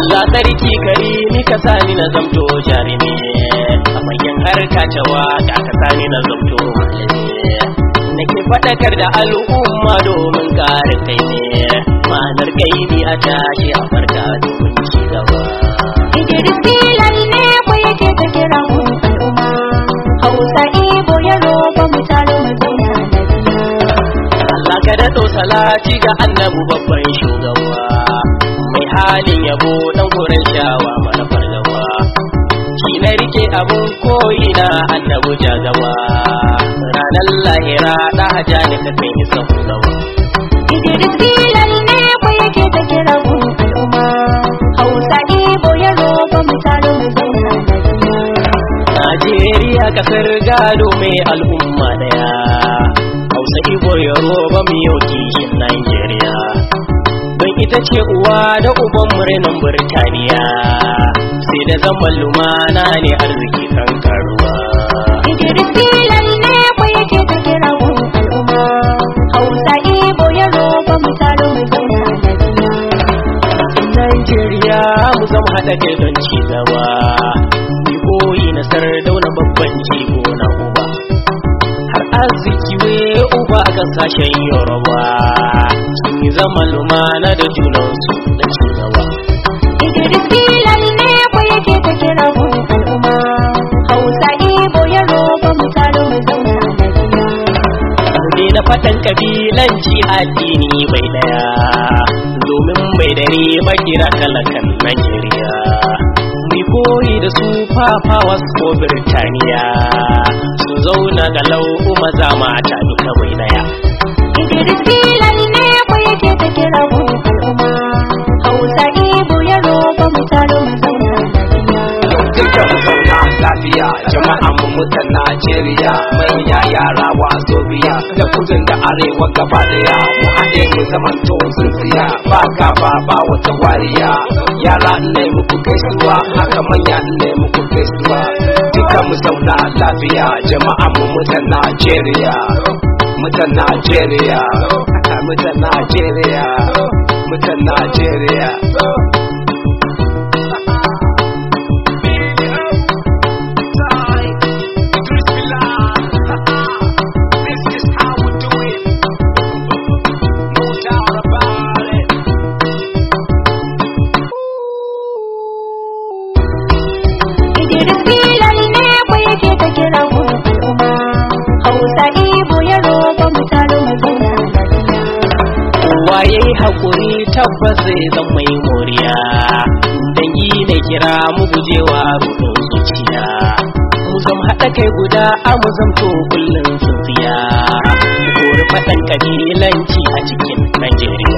Allah sarki ni ka sani na zamto jarumi a manyan harka cewa waka ka sani na zamto nake faɗakar da al'umma domin kare kai ne ma'anar gaibi a tashi a farka domin ci gaba Idris Bilal ne ko yake ta kiran al'umma Hausa Ibo ya roba mu tare mu zauna Allah ka daɗo salati ga annabu babban shugaba halin yabo dan kuran shawa mana gawa shi na rike abun koyi na annabu jagawa ranar lahira da haja ne ka san ne ko yake ta kira ku al'umma Hausa Ibo ya mu Najeriya kasar gado mai al'umma daya Hausa Ibo ya roƙo yau kishin Najeriya ita ce uwa da uban murnin Birtaniya, sai da zaman lumana ne arziki kan karuwa filan ne ku yake ta kira al'umma Hausa Ibo ya roba mu taro mu gina Najeriya mu zama haɗa da don ci gaba Ibo yi nasarar dauna babban jigo na uba Har arziki wai ba a kasashen yoruba sun yi zama lumana da junansu na cigaba idris filan ne ko yake ta kira mu al'umma hausa ibo ya roba mu taro mu zauna lafiya na fatan kabilanci addini bai daya domin bai dare kira talakan najeriya mai koyi da su fafawa ko birtaniya zauna da lau kuma za mu hada duka bai daya Idris Bilal ne ku yake ta kira ku al'umma Hausa Ibo ya roƙa mu taro lafiya zauna lafiya jama'a mu mutan Najeriya manya yara wazo biya da kudin da arewa gaba daya mu haɗe mu zaman to tsintsiya ba ka ba wata wariya yara ne muku gaisuwa haka manya ne muku gaisuwa mu zauna lafiya jama'a Nigeria, mutan Nigeria, mutan Nigeria. mutan Najeriya mutan Najeriya Did it feel Waye ya haƙuri tabbas zai zan mai moriya don yi na kira mu wa rudin zuciya mu zam haɗa kai guda a mu to kullum fiya mu kori faɗan ƙabilanci a cikin najeriya